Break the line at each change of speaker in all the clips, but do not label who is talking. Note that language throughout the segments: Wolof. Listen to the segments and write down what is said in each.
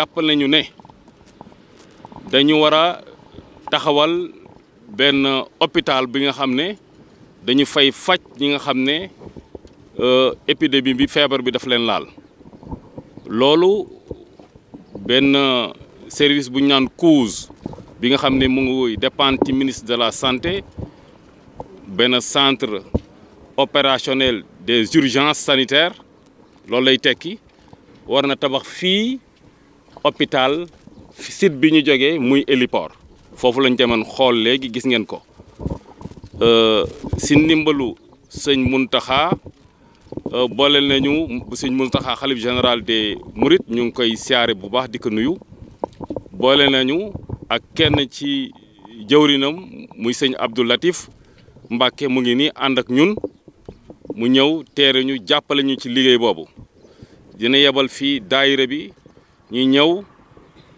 jàpp nañu ne dañu war a taxawal benn hôpital bi nga xam ne dañu fay faj ñi nga xam ne euh, épidémie bi feebar bi daf leen laal loolu benn service bu ñaan naan bi nga xam ne mu ngi dépendre ci ministre de la santé benn centre opérationnel des urgences sanitaires loolu lay tekki war na tabax fii hôpital sit bi ñu jógee muy héliport foofu lañ demoon xool léegi gis ngeen ko euh, si ndimbalu sëñ Muntaxa euh, booleel nañu sëñ Muntaxa xalif général des Mourides ñu ngi koy siyaare bu baax di ko nuyu boole nañu ak kenn ci jëwrinam muy sëñ Abdou Latif Mbàkke mu ngi nii ànd ak ñun mu ñëw teere ñu jàppale ñu ci liggéey boobu dina yebal fii daayira bi ñu ñëw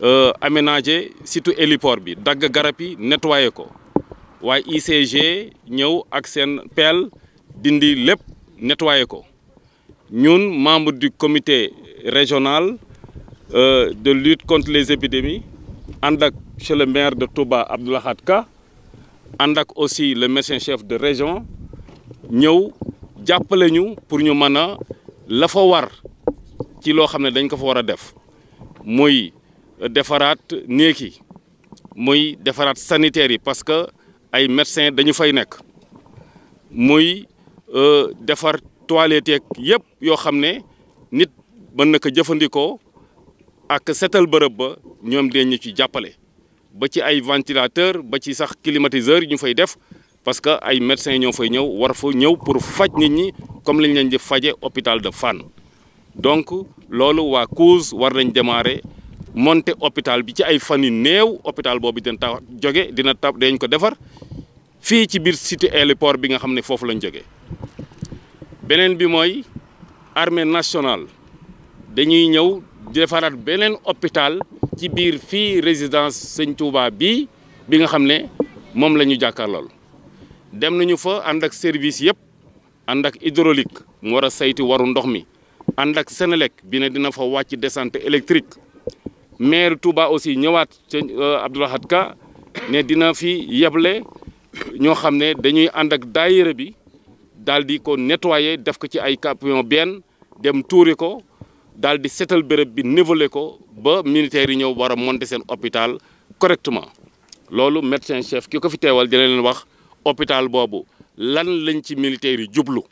euh, aménager surtout héliport bi dagg garab yi nettoyer ko waaye ICG ñëw ak seen pelle dindi lépp nettoyer ko ñun membre du comité régional euh, de lutte contre les épidémies ànd ak chez le maire de Touba Abdou Lahad Ka ànd ak aussi le médecin chef de région ñëw jàppale ñu pour ñu mën a la fa war ci loo xam ne dañ ko fa war a def muy defaraat néeg yi muy defaraat sanitaire yi parce que ay médecins dañu fay nekk muy euh, defar toilette yeeg yëpp yoo xam ne nit mën na jëfandikoo ak setal bërëb ba ñoom dee ñu ci jàppale ba ci ay ventilateur ba ci sax yi ñu fay def parce que ay médecins ñoo fay ñëw war fa ñëw pour faj nit ñi comme lañ leen di faje hôpital de fànn donc loolu waa couse war nañ démarrer monter hôpital bi ci ay fan yu néew hôpital boobu dina tax jóge dina tax dañ ko defar fii ci biir cité aéroport bi nga xam ne foofu lañ jóge beneen bi mooy armée nationale dañuy ñëw defaraat beneen hôpital ci biir fii résidence Sëñ Touba bii bi nga xam ne moom la ñu jàkkaarlool dem nañu fa ànd ak service yëpp ànd ak hydraulique mu war a saytu waru ndox mi ànd ak Sénélec bi ne dina fa wàcc descente électrique maire Touba aussi ñëwaat ca euh, Abdoulahad Ka ne dina fi yeble ñoo xam ne dañuy ànd ak daayira bi daal di ko nettoyer def ko ci ay camion benn dem tuuri ko daal di seetal béréb bi niveler ko ba militaires yi ñëw war a seen hôpital correctement loolu médecin chef ki ko fi teewal dina leen wax hôpital boobu lan lañ ci militaires yi jublu